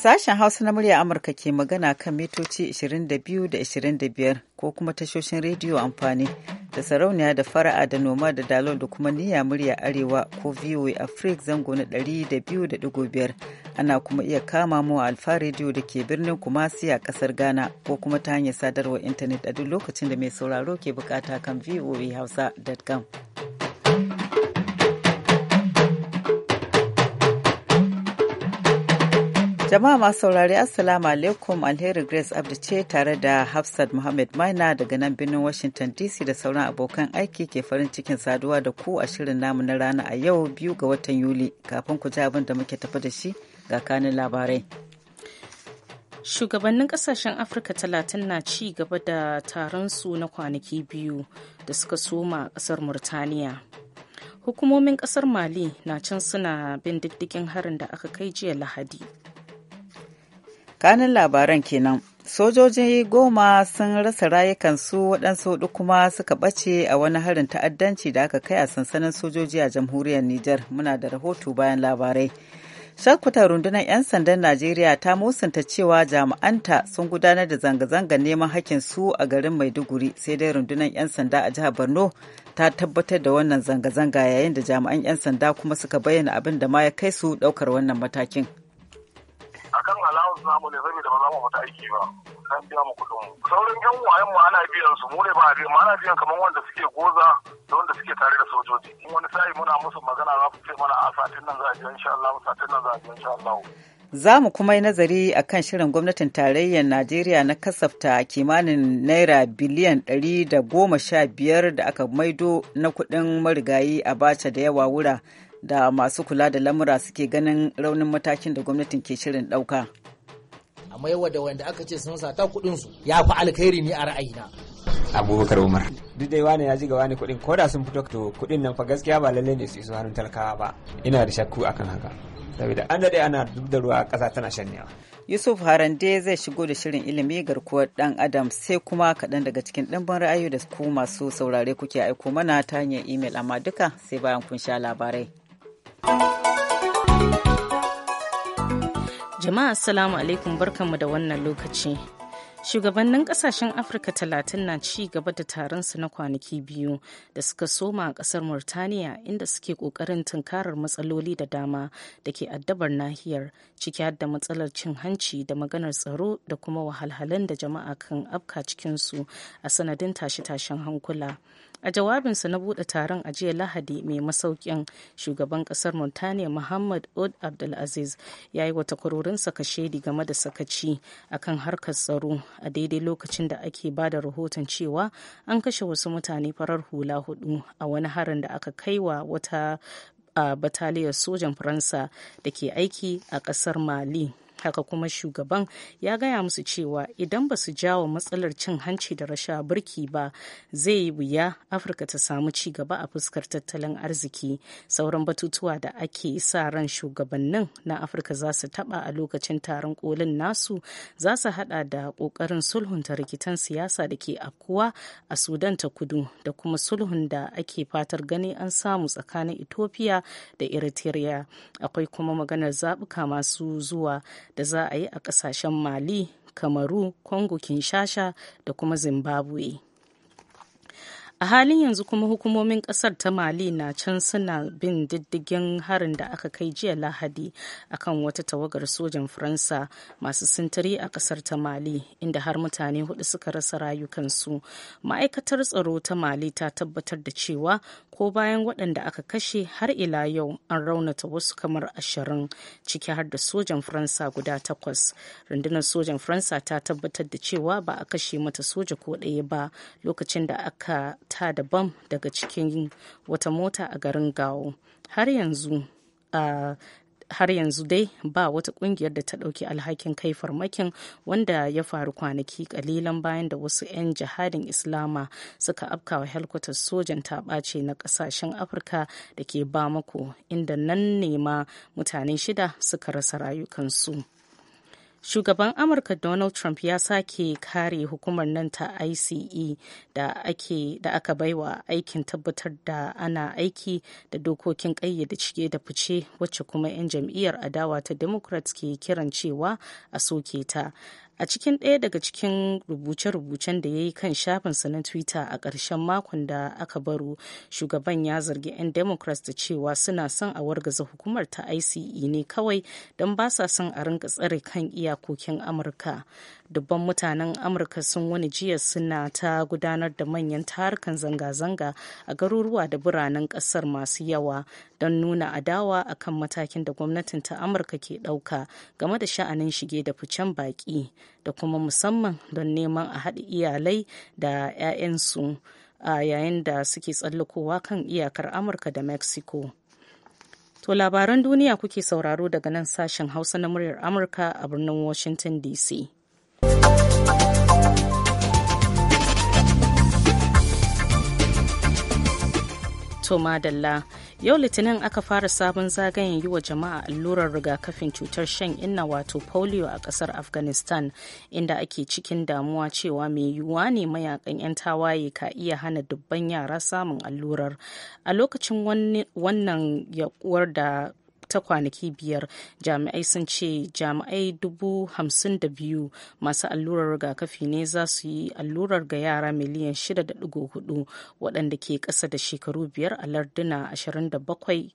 Sashen Hausa na murya Amurka ke magana kan mitoci 22 da 25 ko kuma tashoshin rediyo amfani da sarauniya da fara'a da noma da dalol da kuma niyya murya arewa ko VOA Africa zango na 200.5 ana kuma iya kama mu alfa rediyo da ke birnin Kumasi a kasar Ghana ko kuma ta hanyar sadarwar intanet a duk lokacin da mai sauraro ke bukata kan voahausa.com. Jama'a masu saurari Assalamu alaikum Alheri Grace Abdi ce tare da Hafsat Muhammad Maina daga nan birnin Washington DC da sauran abokan aiki ke farin cikin saduwa da ku a shirin namu na rana a yau biyu ga watan Yuli kafin ku ji abin da muke tafi da shi ga kanin labarai. Shugabannin kasashen Afirka talatin na ci gaba da taron su na kwanaki biyu da suka soma a ƙasar Murtaniya. Hukumomin kasar Mali na can suna bin diddigin harin da aka kai jiya Lahadi. kanin labaran kenan sojoji goma sun rasa rayukansu waɗansu hudu kuma suka ɓace a wani harin ta'addanci da aka kai a sansanin sojoji a jamhuriyar nijar muna da rahoto bayan labarai shakuta rundunar 'yan sandan najeriya ta musanta cewa jami'anta sun gudanar da zanga-zanga neman hakkin su a garin maiduguri sai dai rundunar 'yan sanda a jihar borno ta tabbatar da wannan zanga-zanga yayin da jami'an 'yan sanda kuma suka bayyana abin da ma ya kai su ɗaukar wannan matakin akan allowance namu ne saboda ba za mu fita aiki ba an biya mu kuɗin mu sauran yan wayan mu ana biyan su mu ne ba biyan mu ana biyan kamar wanda suke goza da wanda suke tare da sojoji in wani sa'i muna musu magana za su ce mana a satin nan za a biya insha Allah satin nan za a biya insha Allah Za mu kuma yi nazari a kan shirin gwamnatin tarayyar Najeriya na kasafta kimanin Naira biliyan 115 da aka maido na kuɗin marigayi a bace da yawa wura da masu kula da lamura suke ganin raunin matakin da gwamnatin ke shirin ɗauka. a maiwa da wanda aka ce sun sata kuɗinsu ya fi alkhairi ne a ra'ayina abubakar umar duk dai wani ya ji ga wani kuɗin ko da sun fito to kuɗin nan fa gaskiya ba lallai ne su iso hannun talakawa ba ina da shakku akan haka saboda an daɗe ana duk da ruwa ƙasa tana shanyewa yusuf harande zai shigo da shirin ilimi garkuwar ɗan adam sai kuma kaɗan daga cikin ɗimbin ra'ayi da ku masu saurare kuke aiko mana ta hanyar imel amma duka sai bayan kun sha labarai Jama'a Assalamu alaikum barkanmu da wannan lokaci. Shugabannin kasashen Afirka talatin na ci gaba da su na kwanaki biyu da suka soma a kasar Murtaniya inda suke kokarin tunkarar matsaloli da dama da ke addabar nahiyar ciki har da matsalar cin hanci da maganar tsaro da kuma wahalhalun da jama'a kan afka cikinsu a sanadin tashe-tashen hankula. a jawabinsa na bude taron a jiya lahadi mai masaukin shugaban kasar montana muhammad od abdulaziz ya yi wata kwarorinsa kashedi game da sakaci a kan harkar tsaro a daidai lokacin da ake ba da rahoton cewa an kashe wasu mutane farar hula hudu a wani harin da aka kai wa wata a bataliyar sojan faransa da ke aiki a kasar mali haka kuma shugaban ya gaya musu cewa idan ba su jawo matsalar cin hanci da rasha birki ba zai yi wuya afirka ta samu ci gaba a fuskar tattalin arziki sauran batutuwa da ake sa ran shugabannin na afirka za su taba a lokacin taron kolin nasu za su hada da kokarin sulhunta rikitan siyasa da ke afkuwa a sudan ta kudu da kuma sulhun da ake fatar gani an samu tsakanin ethiopia da eritrea akwai kuma maganar zaɓuka masu zuwa da za a yi a kasashen mali kamaru kongo kinshasa da kuma zimbabwe a halin yanzu kuma hukumomin kasar ta mali na can suna bin diddigin harin da aka kai jiya lahadi akan wata tawagar sojan faransa masu sintiri a kasar ta mali inda har mutane hudu suka rasa rayukansu ma'aikatar tsaro ta mali ta tabbatar da cewa ko bayan waɗanda aka kashe har ila yau an raunata wasu kamar ashirin ciki har da sojan faransa guda takwas rundunar sojan faransa ta tabbatar da cewa ba a kashe mata soja ko ɗaya ba lokacin da aka ta da bam daga cikin wata mota a garin gawo har yanzu a har yanzu dai ba wata kungiyar da ta ɗauki alhakin kai farmakin wanda ya faru kwanaki kalilan bayan da wasu 'yan jihadin islama suka afkawa helkwatar sojan ta ɓace na ƙasashen afirka da ke bamako inda nan nema mutane shida suka rasa rayukansu. shugaban amurka donald trump ya sake kare hukumar nan ta ice da, ake, da aka baiwa aikin tabbatar da ana aiki da dokokin ƙayyade cike da fice wacce kuma 'yan jam'iyyar adawa ta democrats ke kiran cewa a soke ta a cikin ɗaya daga cikin rubuce-rubucen da ya yi kan shafinsa na twitter a ƙarshen makon da aka baro shugaban ya zargi 'yan democrats da cewa suna son a wargaza hukumar ta ice ne kawai don ba sa son a rinka tsare kan iyakokin amurka dubban mutanen amurka sun wani jiya suna ta gudanar da manyan tarukan zanga-zanga a garuruwa da biranen kasar masu yawa don nuna adawa akan matakin da gwamnatin ta amurka ke ɗauka game da sha'anin shige da ficen baƙi da kuma musamman don neman a haɗa iyalai da 'ya'yansu a yayin da suke tsallakowa kan iyakar amurka da mexico To labaran duniya kuke sauraro daga nan sashen Hausa na muryar Amurka a birnin Washington DC. To Madalla, yau Litinin aka fara sabon zagayen yi wa jama'a allurar rigakafin cutar shan inna wato polio a kasar Afghanistan, inda ake cikin damuwa cewa mai yiwuwa ne mayakan 'yan tawaye ka iya hana dubban yara samun allurar. A lokacin wannan yakuwar da ta kwanaki biyar jami'ai sun ce jami'ai dubu hamsin da biyu masu allurar rigakafi ne za su yi allurar ga yara miliyan 6.4 waɗanda ke ƙasa da shekaru biyar a larduna 27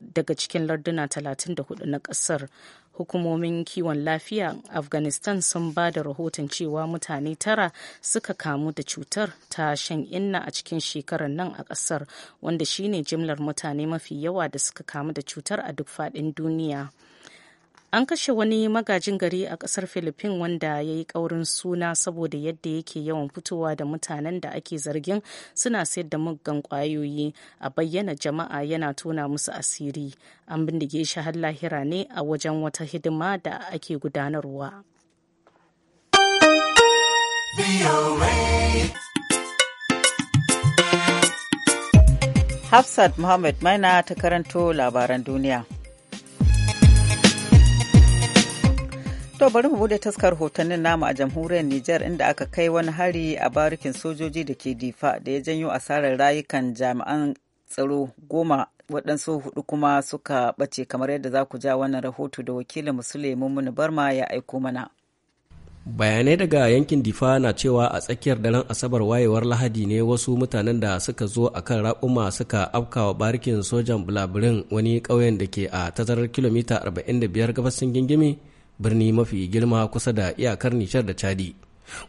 daga cikin larduna 34 na kasar hukumomin kiwon lafiya afghanistan sun ba da rahoton cewa mutane tara suka kamu da cutar ta shan inna a cikin shekarar nan a kasar wanda shine jimlar mutane mafi yawa da suka kamu da cutar a duk faɗin duniya an kashe wani magajin gari a kasar philippine wanda ya yi kaurin suna saboda yadda yake yawan fitowa da mutanen da ake zargin suna sayar da muggan kwayoyi a bayyana jama'a yana tona musu asiri an bindige shi har lahira ne a wajen wata hidima da ake gudanarwa Hafsat Muhammad Maina ta karanto labaran duniya. To bari mu bude taskar hotonnin namu a jamhuriyar Nijar inda aka kai wani hari a barikin sojoji da ke difa da ya janyo asarar rayukan jami'an tsaro goma waɗansu hudu kuma suka bace kamar yadda za ku ja wannan rahoto da wakilin musule mummuni barma ya aiko mana. bayanai daga yankin difa na cewa a tsakiyar daren asabar wayewar lahadi ne wasu mutanen da suka zo a kan raƙuma suka afkawa barikin sojan bulabirin wani ƙauyen da ke a tazarar kilomita 45 gabasin gingimi birni mafi girma kusa da iyakar Nijar da Chadi.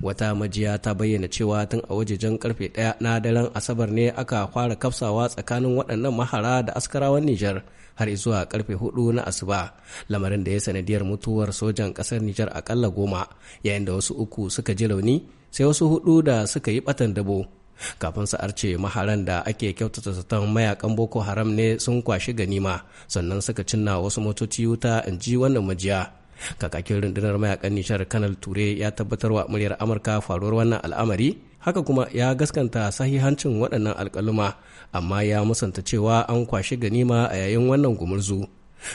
Wata majiya ta bayyana cewa tun a wajejen karfe ɗaya na daren Asabar ne aka fara kafsawa tsakanin waɗannan mahara da askarawan Nijar har zuwa karfe hudu na asuba lamarin da ya sanadiyar mutuwar sojan ƙasar Nijar akalla goma yayin da wasu uku suka ji rauni sai wasu hudu da suka yi batan dabo kafin su arce maharan da ake kyautata zaton mayakan boko haram ne sun kwashi ganima sannan suka cinna wasu motoci wuta in ji wannan majiya kakakin rundunar mayakan nishar kanal ture ya tabbatar wa muryar amurka faruwar wannan al'amari haka kuma ya gaskanta sahihancin waɗannan alƙaluma amma ya musanta cewa an kwashi ganima a yayin wannan gumurzu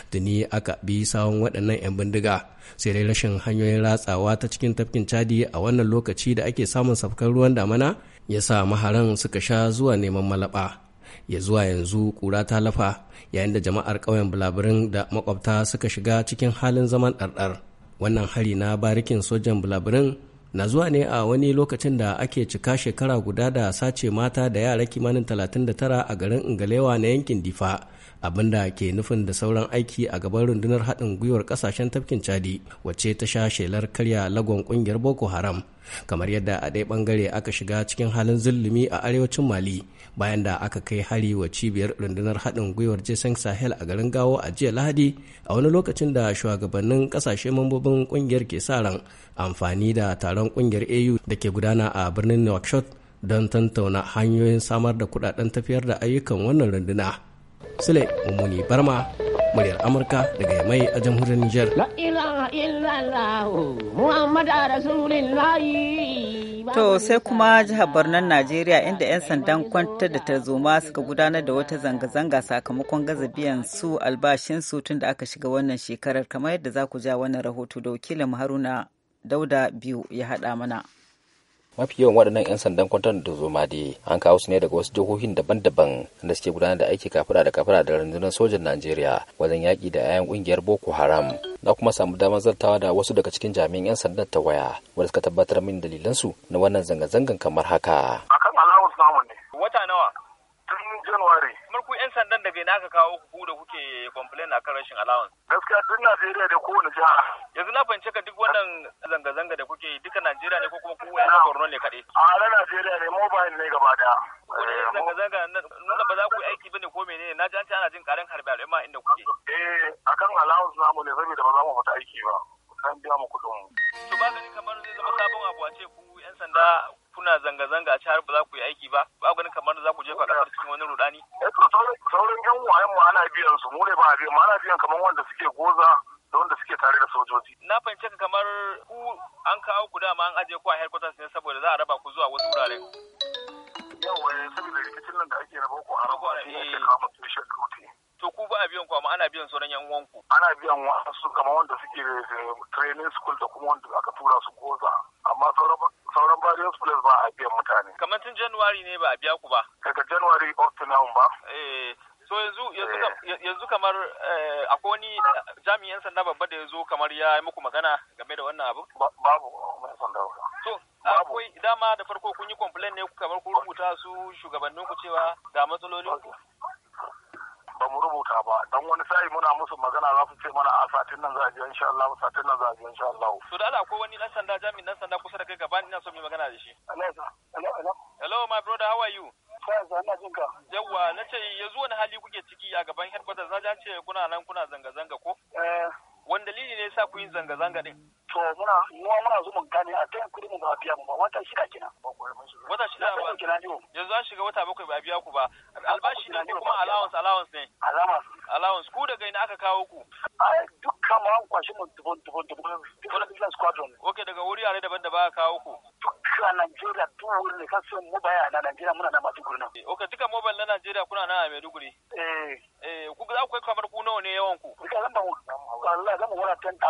da ni aka bi sawon waɗannan 'yan bindiga sai dai rashin hanyoyin ratsawa ta cikin tafkin cadi a wannan lokaci da ake samun safkar ruwan damana ya sa maharan suka sha zuwa neman malaba ya zuwa yanzu kura ta lafa yayin da jama'ar ƙauyen bulabirin da makwabta suka shiga cikin halin zaman ɗarɗar wannan hari na barikin sojan bulabirin na zuwa ne a wani lokacin da ake cika shekara guda da sace mata da yara kimanin 39 a garin ingalewa na yankin difa abinda ke nufin da sauran aiki a gaban rundunar haɗin gwiwar ƙasashen tafkin chadi wacce ta sha shelar karya lagon ƙungiyar boko haram kamar yadda a ɗaya ɓangare aka shiga cikin halin zulumi a arewacin mali bayan da aka kai hari wa cibiyar rundunar haɗin gwiwar jason sahel a garin gawo a jiya lahadi a wani lokacin da shugabannin ƙasashe mambobin ƙungiyar ke sa ran amfani da taron ƙungiyar au da ke gudana a birnin nouakchott don tantauna hanyoyin samar da kudaden tafiyar da ayyukan wannan runduna sule mummuni barma muryar amurka daga yamai a jamhuriyar niger la ilaha illallah muhammad rasulillah To sai kuma jihar Barnan Najeriya inda 'yan sandan kwantar da tarzoma suka gudanar da wata zanga-zanga sakamakon gaza biyan su albashinsu tun da aka shiga wannan shekarar kamar yadda za ku ja wannan rahoto da wakilin Haruna Dauda biyu ya haɗa mana. mafi yawan waɗannan 'yan sandan kwantar da zoma dai an kawo su ne daga wasu jihohin daban-daban da suke gudanar da aiki kafada da kafada da rundunar sojan najeriya wajen yaƙi da 'ya'yan ƙungiyar boko haram na kuma samu damar zartawa da wasu daga cikin jami'an 'yan sandan ta waya wanda suka tabbatar min dalilansu na wannan zanga-zangan kamar haka. akan Januwari. Kamar ku 'yan sandan da bai naka kawo ku da kuke complain a kan rashin allowance. Gaskiya duk Najeriya da kowane jiha. Yanzu na fahimci ka duk wannan zanga-zanga da kuke yi duka Najeriya ne ko kuma ku 'yan Borno ne kaɗai. A na Najeriya ne mobile ne gaba daya. zanga-zanga nuna ba za ku yi aiki ba ne ko mene na ji an ce ana jin ƙarin harbe ma inda kuke. Eh akan allowance namu ne saboda ba za mu fita aiki ba. Kan biya mu kuɗin. To ba gani kamar zai zama sabon abu a ce ku 'yan sanda kuna zanga-zanga a ci har ba za ku yi aiki ba. Ba ganin jefa kasar cikin wani rudani eh, to sauran yan wayan mu ana biyan su mu ne ba biyan ana biyan kamar wanda suke goza da wanda suke tare da sojoji na fahimci ka kamar ku an kawo ku dama an ajiye ku a headquarters ne saboda za a raba ku zuwa wasu wurare yawa eh, saboda rikicin nan da ake na boko haram ba shi ne eh. kama tushen kauti to ku ba a biyan ku amma ana biyan sauran yan uwan ku. ana biyan wasu kamar wanda suke training school da kuma wanda aka tura su goza amma sauran sauran various place ba a biyan mutane kamar tun january ne ba a biya ku ba Eh, so yanzu eh. kamar eh, akwai wani jami'an sanda babba da ya zo kamar ya yi muku magana game da wannan abu? Babu So akwai dama da farko kun yi complain ne kamar ku rubuta su shugabannin ku cewa ga matsaloli. ku? Ba mu rubuta ba don wani sa'i muna musu magana za su ce mana a satin nan za a ji insha Allah satin nan za a ji insha Allah. So da akwai wani dan sanda jami'in dan sanda kusa da kai gaban ina yin zanga-zanga din. To muna muna muna zo mu gane a kan kudin mu ba biya mu ba wata shida kenan. Wata shida ba. Yanzu an shiga wata bakwai ba biya ku ba. Albashi ne kuma allowance allowance ne. Allowance. Allowance ku daga ina aka kawo ku. Ai dukkan mu an kwashi mu dubon dubon dubon. Dukkan squadron. Oke daga daban-daban aka kawo ku. Dukkan Najeriya duk wurin da kasan mu baya na Najeriya muna da akwai kamar ku nawa ne yawan ku Allah zamu wara 10,000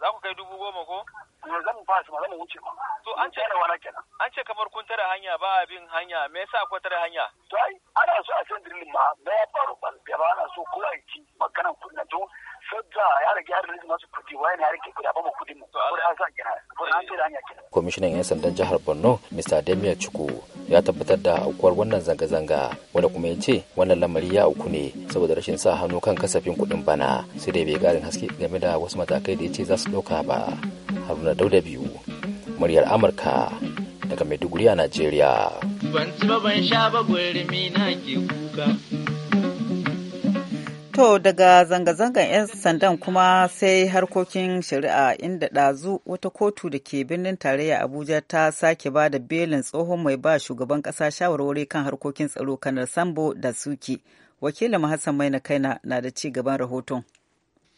za ku kai dubu goma ko ne eh, zan fasi ba zan wuce ma. to an ce wala kenan an ce kamar kun tare hanya ba abin hanya me yasa ku tare hanya to ai ana so a san dirilin ma me ya faru ban ya ba ana so ko yi ci maganan na to sadda ya rage ya rage masu kudi wani ya rage kudi ba mu kudin mu ko an sa kenan ko an tare hanya kenan kwamishinan yan sandan jihar Borno Mr. Damiya Chukwu ya tabbatar da aukuwar wannan zanga-zanga wanda kuma ya ce wannan lamari ya auku ne saboda rashin sa hannu kan kasafin kuɗin bana sai dai bai garin haske game da wasu matakai da ya ce za su ɗauka ba haruna dauda biyu muryar amurka daga maiduguri a najeriya ban ci ba ban sha ba na ke kuka To daga zanga-zangan 'yan sandan kuma sai harkokin shari'a inda ɗazu wata kotu da ke birnin tarayya Abuja ta sake ba da belin tsohon mai ba shugaban ƙasa shawarwari kan harkokin tsaro kanar Sambo da Suki. Wakilin Hassan Maina Kaina na da ci gaban rahoton.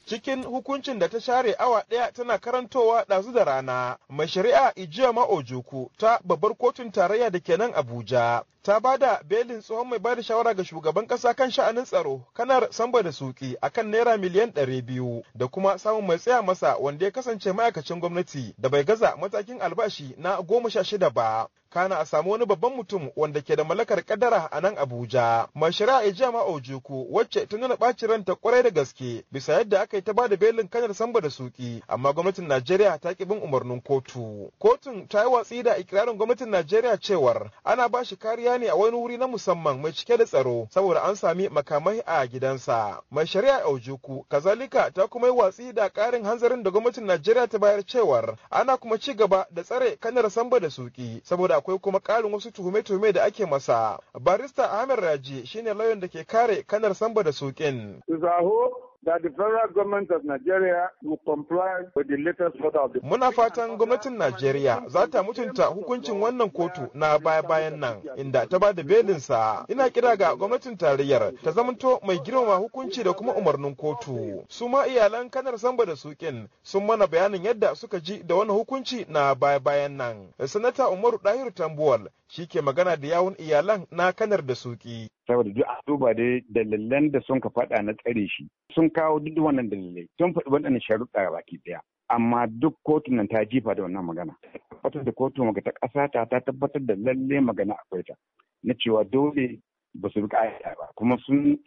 cikin hukuncin da ta share awa ɗaya tana karantowa ɗazu da rana mai shari'a ijiya ma'ojoku ta babbar kotun tarayya da ke nan abuja ta ba da belin tsohon mai bada shawara ga shugaban kasa kan sha'anin tsaro kanar samba da suki kan naira miliyan ɗari biyu da kuma samun mai tsaya masa wanda ya kasance ma'aikacin gwamnati da bai gaza matakin albashi na goma sha shida ba kana a samu wani babban mutum wanda ke da mallakar kadara a nan abuja mai shari'a ijama ojuku wacce ta nuna ɓacin ranta kwarai da gaske bisa yadda aka yi ta bada belin kanar samba da suki amma gwamnatin najeriya ta ki bin umarnin kotu kotun ta yi watsi da ikirarin gwamnatin najeriya cewar ana ba shi kariya ne a wani wuri na musamman mai cike da tsaro saboda an sami makamai a gidansa. Mai shari'a Ojuku kazalika ta kuma yi watsi da karin hanzarin da gwamnatin Najeriya ta bayar cewar ana kuma ci gaba da tsare kanar samba da suki saboda akwai kuma ƙarin wasu tuhume-tuhume da ake masa. Barista Ahmed Raji shine lauyan da ke kare kanar samba da sukin. Zaho that the federal government of Nigeria will comply with the latest order of the Muna fatan gwamnatin Najeriya za ta mutunta hukuncin wannan kotu na baya-bayan nan inda ta ba da belin sa Ina kira ga gwamnatin tarayyar ta zamanto mai girmama hukunci da kuma umarnin kotu. Su ma iyalan kanar samba da sukin sun mana bayanin yadda suka ji da wani hukunci na baya-bayan nan. Sanata Umaru Dahiru Tambuwal shi ke magana da yawun iyalan na kanar da suki. saboda duk a duba da dalilan da sun ka faɗa na tsare shi sun kawo duk wannan dalilai sun faɗi waɗannan sharuɗa baki ɗaya amma duk kotun nan ta jifa da wannan magana tabbatar da kotu maga ta ƙasa ta ta tabbatar da lalle magana akwai ta na cewa dole ba su bi ƙa'ida ba kuma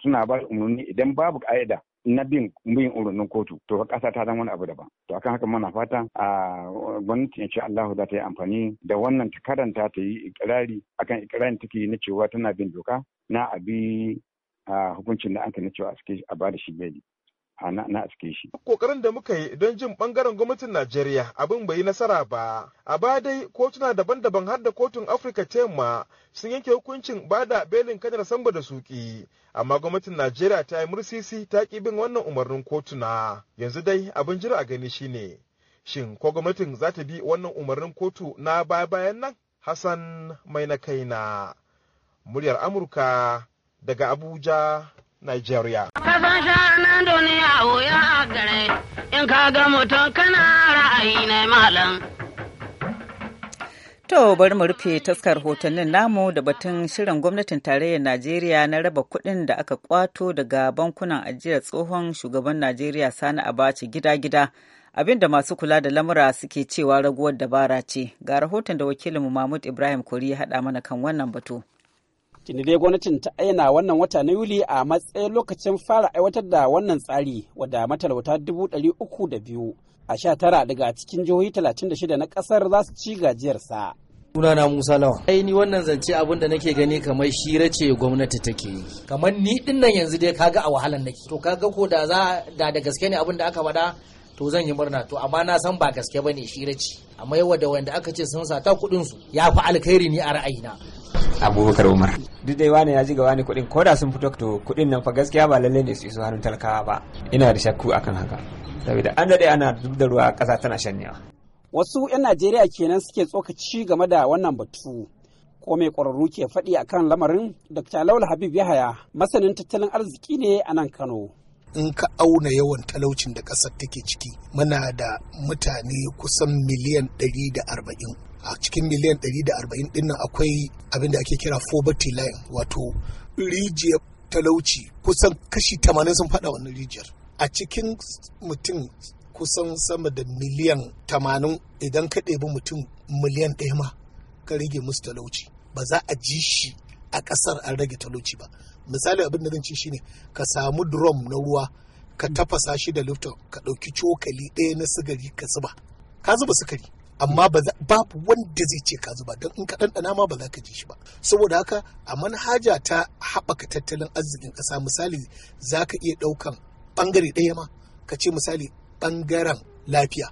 suna ba umarni idan babu ƙa'ida na bin bin urunin kotu to ƙasa ta zama wani abu daban to akan haka muna fata a gwamnati ce Allahu za ta yi amfani da wannan ta karanta ta yi ikirari akan ikirarin take na cewa tana bin doka na abi hukuncin da an ka na cewa a ba da shi beli na aske shi. Kokarin da muka yi don jin bangaren gwamnatin Najeriya abin bai yi nasara ba. A baya dai kotuna daban-daban har da kotun Afirka ta yamma sun yanke hukuncin ba da belin kanar samba da suki. Amma gwamnatin Najeriya ta yi mursisi ta ki bin wannan umarnin kotuna. Yanzu dai abin jira a gani shine. Shin ko gwamnatin za ta bi wannan umarnin kotu na baya-bayan nan? Hassan mai na kaina. Muryar Amurka daga Abuja, Nigeria. sha nan duniya wuya a gare ga mutum kana ra'ayi ne malam. To bari mu rufe taskar hotonnin namu da batun shirin gwamnatin tarayyar Najeriya na raba kuɗin da aka kwato daga bankunan ajiyar tsohon shugaban Najeriya Sani abacha gida-gida abinda masu kula da lamura suke cewa raguwar dabara ce. Ga rahoton da wakilinmu Mahmud Ibrahim Kori ya haɗa mana kan wannan batu. tuni dai gwamnatin ta aina wannan wata na yuli a matsayin lokacin fara aiwatar da wannan tsari wadda matalauta dubu ɗari uku da biyu a sha tara daga cikin jihohi talatin da shida na ƙasar za su ci gajiyarsa. sunana Musa Lawan. Ai ni wannan zance abin da nake gani kamar shira ce gwamnati take yi. Kamar ni din nan yanzu dai kaga a wahalan nake. To kaga ko da za da da gaske ne abin da aka faɗa to zan yi murna to amma na san ba gaske bane shira ce. Amma yawa da wanda aka ce sun sata kuɗin su ya fi alkhairi ni a ra'ayina. abubakar umar duk dai wani ya ji ga wani kuɗin ko da sun fito to kuɗin nan fa gaskiya ba lallai ne su isu hannun talakawa ba ina da shakku akan haka saboda an daɗe ana duk da ruwa ƙasa tana shanyewa wasu 'yan najeriya kenan suke tsokaci game da wannan batu ko mai ƙwararru ke faɗi a kan lamarin dr laul habib yahaya masanin tattalin arziki ne a nan kano in ka auna yawan talaucin da ƙasar take ciki muna da mutane kusan miliyan ɗari da arba'in. a cikin miliyan 140 din nan akwai abin da ake kira poverty line wato rijiyar talauci kusan kashi 80 sun fada wannan rijiyar a cikin mutum kusan sama da miliyan 80 idan ka ɗebi mutum miliyan ɗaya ma ka rage musu talauci ba za a ji shi a ƙasar an rage talauci ba misali abin da zan ci shine ka samu drum na ruwa ka tafasa shi da lifton ka ɗauki cokali ɗaya na sigari ka zuba ka zuba sukari amma babu wanda zai ce ka zuba don in ka ɗanɗana ma ba za ka ji shi ba saboda haka a manhaja ta haɓaka tattalin arzikin ƙasa misali za ka iya ɗaukan ɓangare ɗaya ma ka ce misali ɓangaren lafiya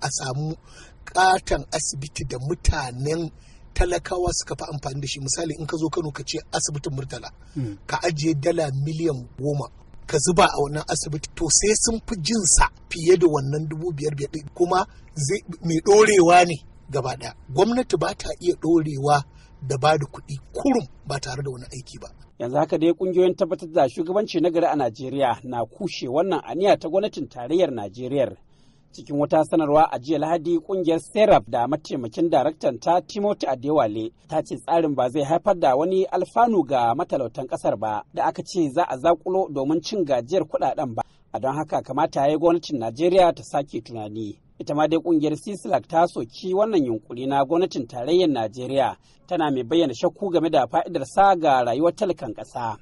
a samu ƙaton asibiti da mutanen talakawa suka fi amfani da shi misali in ka zo kano ka ce asibitin murtala hmm. ka ajiye dala miliyan goma ka zuba a wannan asibiti to sai sun fi jinsa fiye da wannan dubu biyar biyar ɗin kuma mai ɗorewa ne gaba ɗaya gwamnati ba ta iya ɗorewa da ba da kuɗi kurum ba tare da wani aiki ba yanzu haka dai ƙungiyoyin tabbatar da shugabanci na gari a najeriya na kushe wannan aniya ta gwamnatin tarayyar najeriya cikin wata sanarwa a jiya lahadi ƙungiyar serap da mataimakin daraktan ta Timoti adewale ta ce tsarin ba zai haifar da wani alfanu ga matalautan ƙasar ba da aka ce za a zakulo domin cin gajiyar kuɗaɗen ba a don haka kamata ya yi gwamnatin najeriya ta sake tunani ita ma dai kungiyar sisilak ta soki wannan yunkuri na gwamnatin tarayyar najeriya tana mai bayyana shakku game da fa'idar sa ga rayuwar talakan ƙasa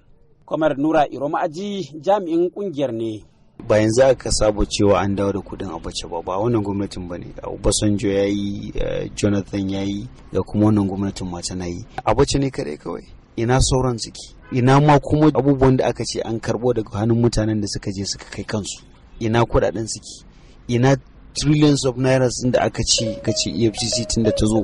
kwamar nura iro ma'aji jami'in kungiyar ne ba yanzu ka saba cewa an dawo da kudin a bace ba ba wannan gwamnatin ba ne obasanjo ya yi eh, jonathan ya yi da kuma wannan gwamnatin ma na yi a ne kadai kawai ina sauran ciki ina ma kuma abubuwan da aka ce an karbo daga hannun mutanen da suka je suka kai kansu ina kudaden suke ina trillions of naira da aka ce ka ce efcc tun da ta zo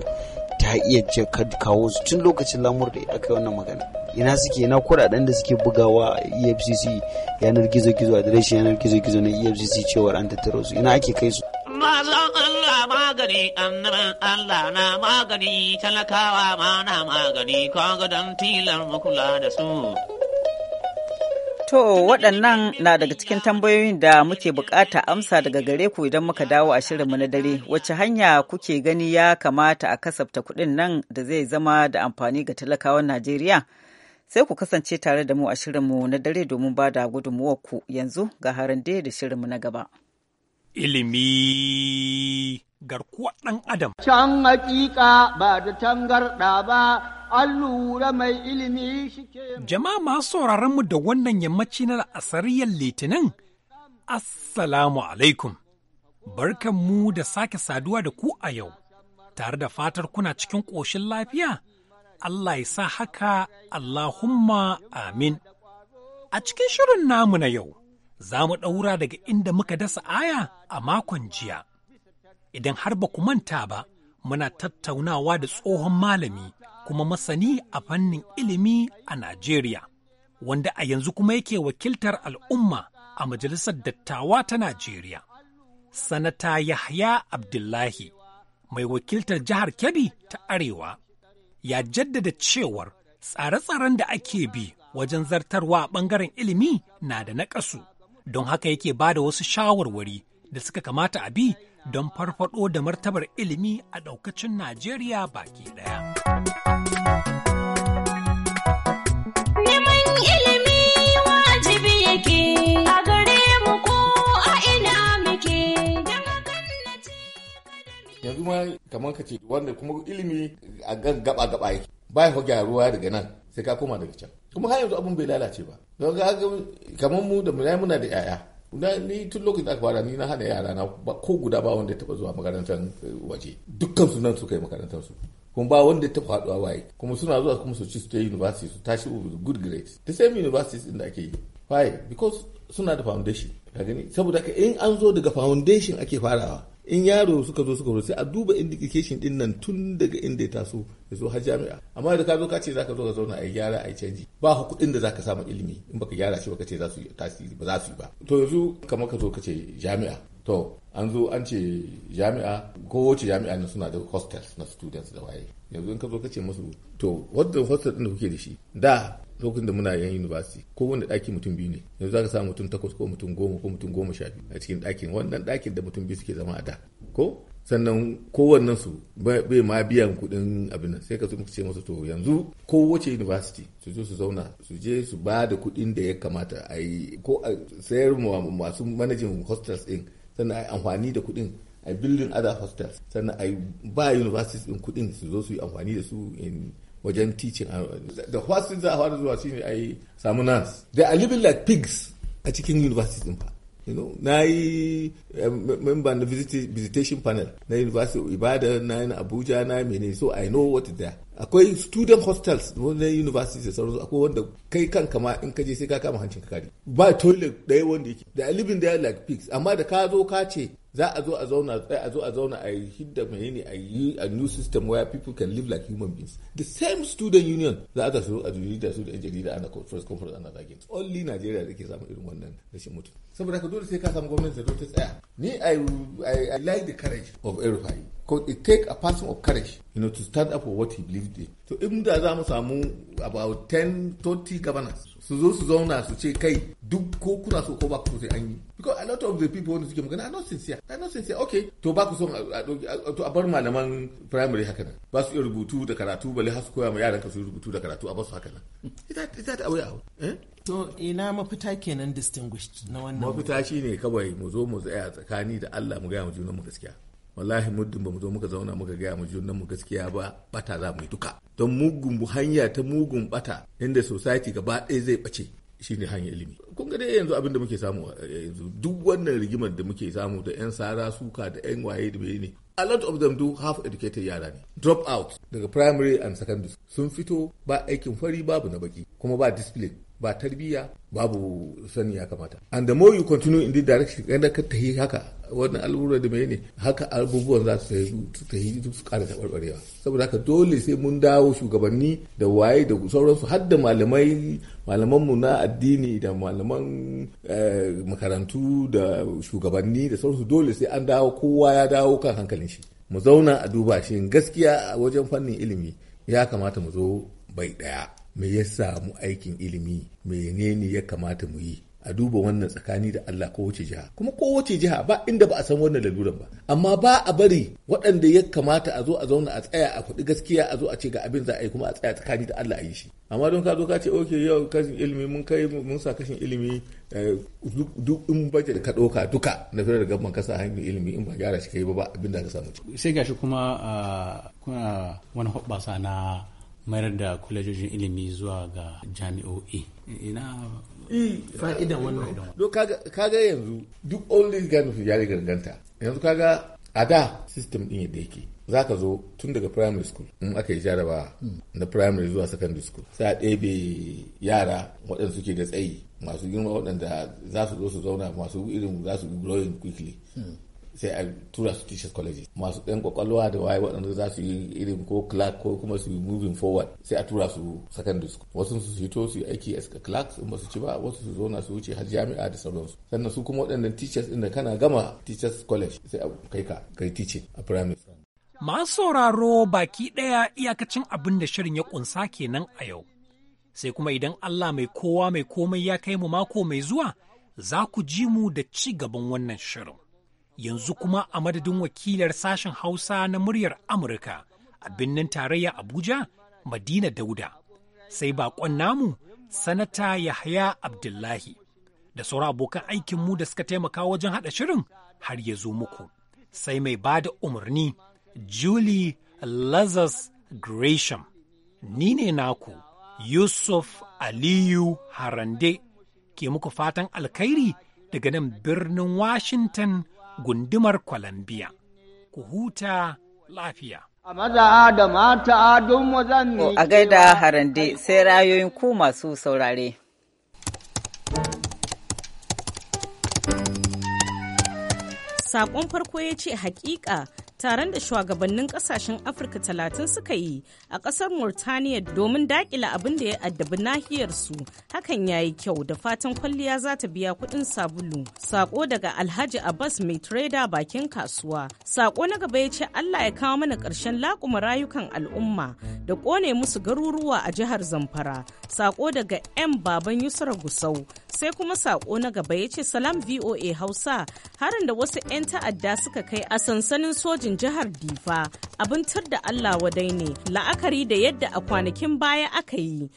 ta iya ce kawo su tun lokacin lamur da aka yi wannan magana ina suke ina kudaden da suke bugawa efcc yanar gizo-gizo adireshin yanar gizo-gizo na efcc cewar an tattaro su ina ake kai su mazan Allah magani, annaban Allah na magani, talakawa ma na magani, kaga don tilar makula da su. To waɗannan na daga cikin tambayoyin da muke bukata amsa daga gare ku idan muka dawo a shirin mu na dare. wacce hanya kuke gani ya kamata a kasafta kuɗin nan da zai zama da amfani ga talakawan Najeriya? Sai ku kasance tare da mu a shirinmu na dare domin ba da gudunmuwarku yanzu ga harin da shirinmu na gaba. ilimi garkuwar ɗan adam. Can hakika ba da tangarɗa ba, an lura mai ilimi shi ke. Jama'a masu sauraron mu da wannan yammaci na asariyar litinin, Assalamu alaikum. Barkan mu da sake saduwa da ku a yau, tare da fatar kuna cikin ƙoshin lafiya, Allah ya sa haka Allahumma amin. A cikin shirin namu na yau, za mu ɗaura daga inda muka dasa aya a makon jiya. Idan har ba ku manta ba, muna tattaunawa da tsohon malami kuma masani a fannin ilimi a Najeriya, wanda a yanzu kuma yake wakiltar al'umma a Majalisar Dattawa ta Najeriya. Sanata Yahya Abdullahi, mai wakiltar jihar Kebbi ta Arewa, ya jaddada cewar tsare-tsaren da ake bi wajen zartarwa a ɓangaren ilimi na da naƙasu don haka yake ba da wasu shawarwari da suka kamata a bi don farfado da martabar ilimi a ɗaukacin Najeriya baki ɗaya. Neman ilimi wajibi a Yanzu ma kamar ka ce wanda kuma ilimi a gaba gaba yake ba a gyaruwa daga nan sai ka koma daga can. kuma har yanzu abun bai lalace ba don ga kamar mu da mulai muna da yaya ni tun lokacin da aka fara ni na hana yara na ko guda ba wanda ya taba zuwa makarantar eh, waje dukkan su nan suka yi makarantar su kuma ba wanda ya taba faduwa waye kuma suna zuwa kuma su ci su ta university su tashi with good grades the same universities din da ake yi why because suna da foundation ka gani saboda ka in an zo daga foundation ake farawa in yaro suka zo suka sai a duba indication din nan tun daga inda ya taso ya zo har jami'a amma da ka zo ka ce za ka zo ka zauna a gyara a canji ba ku kuɗin da za ka samu ilimi in baka gyara shi baka ce za su ba za su yi ba to yanzu kamar ka zo ka ce jami'a to an zo an ce jami'a kowace jami'a ne suna da hostels na students da waye yanzu in ka zo ka ce musu to wadda hostel din da kuke da shi da lokacin da muna yan university ko wanda daki mutum biyu ne yanzu zaka sa mutum takwas ko mutum goma ko mutum goma sha biyu a cikin dakin wannan dakin da mutum biyu suke zama a da ko sannan kowannen su bai ma biyan kuɗin abin nan sai ka zo ce musu to yanzu kowace university su zo su zauna su je su ba da kuɗin da ya kamata a yi ko a sayar masu manajin hostels din sannan a yi amfani da kuɗin a building other hostels sannan a ba universities din kuɗin su zo su yi amfani da su in wajen teaching da hostels za a fara zuwa shine a yi samu nurse they are living like pigs a cikin universities in fa you know na yi eh, member na visitation panel na university of ibadan na yi abuja na yi mene so i know what is there akwai student hostels na university da sauransu akwai wanda kai kan kama in ka je sai ka kama hancin ka kare ba toilet ɗaya wanda yake da living there like pigs amma da ka zo ka ce za a zo a zauna eh, a zo a zauna a yi hidda mai ne a yi a new system where people can live like human beings the same student union za a zo a jarida su da yan jarida ana first conference ana zagin only Nigeria da ke samun irin wannan rashin mutum saboda ka dole sai ka samu gwamnati da ta tsaya ni I, I, like the courage of everybody because it take a person of courage you know to stand up for what he believed in so in da za mu samu about 10 20 governors su zo su zauna su ce kai duk ko kuna so ko ba ku so sai an yi because a lot of the people wanda suke magana are not sincere are not sincere okay to ba ku so a bar malaman primary haka nan ba su iya rubutu da karatu bale har su koya ma yaran ka su rubutu da karatu a ba su haka nan is that is that a way out eh to ina mafita kenan distinguished na wannan mafita shine kawai mu zo mu tsaya tsakani da Allah mu ga mu junan mu gaskiya wallahi muddin mu zo muka zauna muka gaya mu junan mu gaskiya ba bata za mu yi duka don mugun hanya ta mugun bata inda society gaba ɗaya zai bace shine hanyar ilimi kun ga dai yanzu abin da muke samu eh, yanzu duk wannan rigimar da muke samu da yan sara suka da yan waye da bai ne a lot of them do half educated yara ne drop out daga primary and secondary sun fito ba aikin fari babu na baki kuma ba discipline ba tarbiyya babu sani ya kamata and the more you continue in this direction kada ka tahi haka wannan al'ura da mai ne haka abubuwan za su tahi su kara tabarbarewa. saboda haka dole sai mun dawo shugabanni da waye da sauransu har da malamai mu na addini da malaman eh, makarantu da shugabanni da sauransu dole sai an dawo kowa ya dawo kan hankalin shi mu zauna a duba shi gaskiya a wajen fannin ilimi ya kamata mu zo bai ɗaya me ya samu aikin ilimi menene ya kamata mu yi a duba wannan tsakani da Allah kowace jiha kuma kowace jiha ba inda ba a san wannan laluran ba amma ba a bari waɗanda ya kamata a zo a zauna a tsaya a kuɗi gaskiya a zo a ce ga abin za a yi kuma a tsaya tsakani da Allah a yi shi amma don ka zo ka ce oke yau kashin ilimi mun kai mun sa kashin ilimi eh, duk in da ka ɗauka duka na fira da gaban kasa hanyar ilimi in ba gyara shi kai ba abin da ka samu sai gashi kuma ah, kuna wani hoɓɓasa na mayar da kulajojin ilimi zuwa ga jami'o'i ina e, fa'idan wannan do kaga yanzu duk all this kind of ya ganganta yanzu kaga a da system din yadda yake za ka zo tun daga primary school in aka yi jaraba na primary zuwa secondary school sai a ɗebe yara waɗanda suke da tsayi masu girma waɗanda za su zo su zauna masu irin za su growing quickly sai a tura su teachers colleges masu ɗan kwakwalwa da waye waɗanda za su yi irin ko clerk ko kuma su yi moving forward sai a tura su secondary school wasu su fito su yi aiki as clerks in ba su ci ba wasu su na su wuce har jami'a da sauransu sannan su kuma waɗannan teachers ɗin da kana gama teachers college sai a kai ka kai teaching a primary Masu sauraro baki ɗaya iyakacin abin da shirin ya ƙunsa kenan a yau. Sai kuma idan Allah mai kowa mai komai ya kai mu mako mai zuwa, za ku ji mu da ci gaban wannan shirin. yanzu kuma a madadin wakilar sashen Hausa na muryar Amurka a birnin tarayya Abuja, Madina Dauda. Sai bakon namu, Sanata Yahaya Abdullahi, da sauran abokan aikinmu da suka taimaka wajen haɗa shirin har ya zo muku. Sai mai ba da umarni, Julie Lazarus Gresham. Ni ne naku, Yusuf Aliyu Harande, ke muku fatan alkhairi daga nan birnin Washington gundumar kwalambiya Ku huta lafiya. A maza da mata don ne. A gaida harande sai rayoyin ku masu saurare. Saƙon farko ya ce hakika taron da shugabannin kasashen afirka talatin suka yi a kasar murtaniya domin dakila abin da ya addabi nahiyarsu hakan ya yi kyau da fatan kwalliya za ta biya kuɗin sabulu sako daga alhaji abbas mai trader bakin kasuwa sako na gaba ya ce allah ya kawo mana karshen lakuma rayukan al'umma da kone musu garuruwa a jihar zamfara sako daga m baban yusra gusau sai kuma sako na gaba ya ce salam voa hausa harin da wasu 'yan ta'adda suka kai a sansanin sojin yankin jihar Difa abin da Allah wadai ne la'akari da yadda a kwanakin baya aka yi.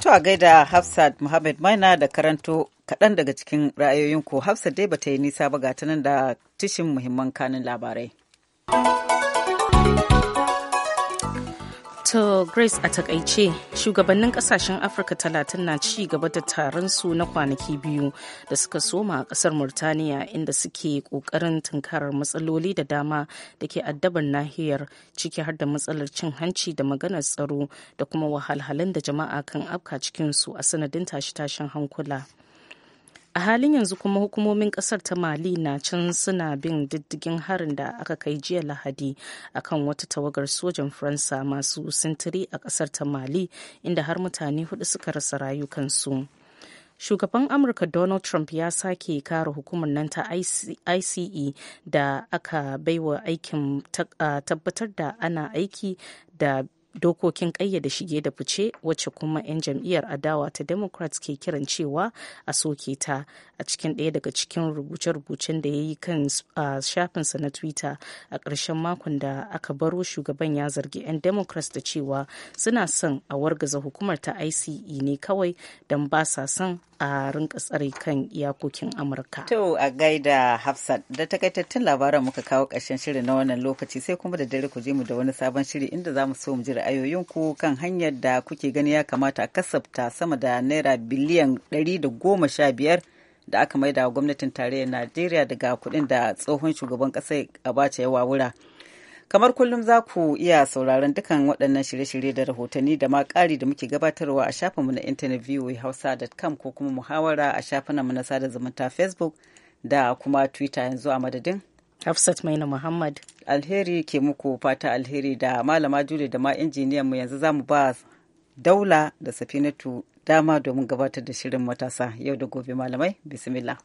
To a gaida Hafsat Muhammad Maina da karanto kaɗan daga cikin ra'ayoyin ra'ayoyinku Hafsat dai ba ta yi nisa ba ga nan da tishin muhimman kanin labarai. To Grace a takaice shugabannin kasashen Afirka talatin na ci gaba da taron su na kwanaki biyu da suka soma a kasar Murtaniya inda suke kokarin tunkarar matsaloli da dama da ke addabar nahiyar ciki har da matsalar cin hanci da maganar tsaro da kuma wahalhalun da jama'a kan afka cikinsu a sanadin tashi tashen hankula. a halin yanzu kuma hukumomin kasar ta mali na can suna bin diddigin harin da aka kai jiya lahadi akan wata tawagar sojan faransa masu sintiri a kasar ta mali inda har mutane hudu suka rasa rayukansu shugaban amurka donald trump ya sake kare hukumar nan ta ice da aka baiwa aikin tabbatar da ana aiki da dokokin ƙayyade shige da fice wacce kuma 'yan jam'iyyar adawa ta democrats ke kiran cewa a soke ta a cikin ɗaya daga cikin rubuce-rubucen da ya yi kan shafinsa na twitter a ƙarshen makon da aka baro shugaban ya zargi 'yan democrats da cewa suna son a wargaza hukumar ta ice ne kawai don ba sa son a rinka tsare kan iyakokin amurka to a gaida hafsat da takaitattun labaran muka kawo ƙarshen shirin na wannan lokaci sai kuma da dare ku je mu da wani sabon shiri inda za mu so mu ji ra'ayoyinku kan hanyar da kuke gani ya kamata a kasafta sama da naira biliyan 115 da aka maida wa gwamnatin tarayyar najeriya daga kuɗin da tsohon shugaban ƙasar abacha ya wawura kamar kullum za ku iya sauraron dukkan waɗannan shirye-shirye da rahotanni da ma ƙari da muke gabatarwa a shafinmu na intanet voahausa.com ko kuma muhawara a shafinmu na sada zumunta facebook da kuma twitter yanzu a madadin Hafsat Maina Muhammad. Alheri ke muku fata alheri da malama jure da ma injiniyan mu yanzu za mu ba daula da safinatu dama domin gabatar da shirin matasa yau da gobe malamai bismillah.